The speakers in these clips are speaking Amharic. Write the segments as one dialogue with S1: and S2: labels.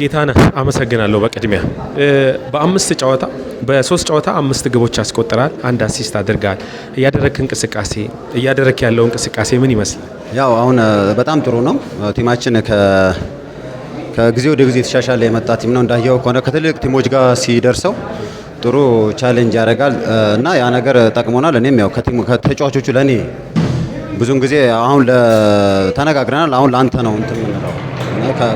S1: ጌታነህ አመሰግናለሁ። በቅድሚያ በአምስት ጨዋታ በሶስት ጨዋታ አምስት ግቦች ያስቆጠራል፣ አንድ አሲስት አድርጋል። እያደረክ እንቅስቃሴ እያደረክ ያለው እንቅስቃሴ ምን ይመስላል?
S2: ያው አሁን በጣም ጥሩ ነው። ቲማችን ከጊዜ ወደ ጊዜ የተሻሻለ የመጣ ቲም ነው። እንዳየው ከሆነ ከትልቅ ቲሞች ጋር ሲደርሰው ጥሩ ቻሌንጅ ያደርጋል እና ያ ነገር ጠቅሞናል። እኔም ያው ከተጫዋቾቹ ለእኔ ብዙን ጊዜ አሁን ተነጋግረናል። አሁን ለአንተ ነው እንትን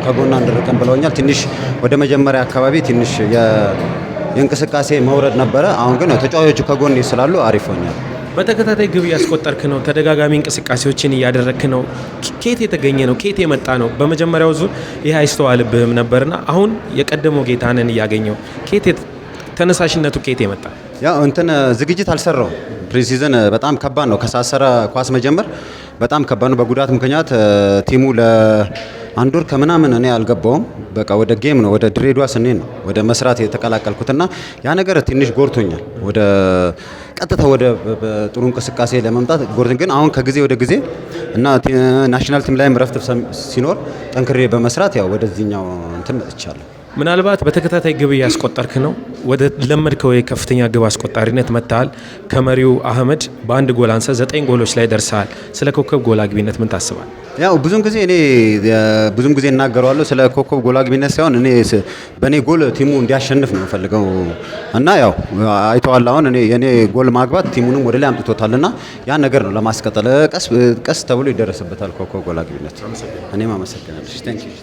S2: ከጎና እንድርቅን ብለውኛል። ትንሽ ወደ መጀመሪያ አካባቢ ትንሽ የእንቅስቃሴ መውረድ ነበረ። አሁን ግን ተጫዋቾቹ ከጎን ስላሉ አሪፍ ሆኛል።
S1: በተከታታይ ግብ እያስቆጠርክ ነው። ተደጋጋሚ እንቅስቃሴዎችን እያደረግክ ነው። ኬት የተገኘ ነው? ኬት የመጣ ነው? በመጀመሪያው ዙር ይህ አይስተዋልብህም ነበርና አሁን የቀደመው ጌታንን እያገኘው ኬት ተነሳሽነቱ ኬት የመጣ
S2: ያው እንትን ዝግጅት አልሰራው። ፕሪሲዝን በጣም ከባድ ነው። ከሳሰረ ኳስ መጀመር በጣም ከባድ ነው። በጉዳት ምክንያት ቲሙ አንድ ወር ከምናምን እኔ አልገባውም። በቃ ወደ ጌም ነው ወደ ድሬዷ ስኔ ነው ወደ መስራት የተቀላቀልኩትና ያ ነገር ትንሽ ጎርቶኛል። ወደ ቀጥታ ወደ ጥሩ እንቅስቃሴ ለመምጣት ጎርቶኝ፣ ግን አሁን ከጊዜ ወደ ጊዜ እና ናሽናል ቲም ላይም ረፍት ሲኖር ጠንክሬ በመስራት ያው ወደዚህኛው እንትን መጥቻለሁ።
S1: ምናልባት በተከታታይ ግብ ያስቆጠርክ ነው። ወደ ለመድከው የከፍተኛ ግብ አስቆጣሪነት መጥተሃል። ከመሪው አህመድ በአንድ ጎል አንሰ ዘጠኝ ጎሎች ላይ ደርሰሃል። ስለ ኮከብ ጎል አግቢነት ምን ታስባል?
S2: ያው ብዙም ጊዜ እኔ ብዙም ጊዜ እናገረዋለሁ ስለ ኮከብ ጎል አግቢነት ሳይሆን እኔ በእኔ ጎል ቲሙ እንዲያሸንፍ ነው የምፈልገው እና ያው አይተዋል። አሁን እኔ የእኔ ጎል ማግባት ቲሙንም ወደ ላይ አምጥቶታል እና ያን ነገር ነው ለማስቀጠል ቀስ ቀስ ተብሎ ይደረስበታል ኮከብ ጎል አግቢነት። እኔም አመሰግናለሁ።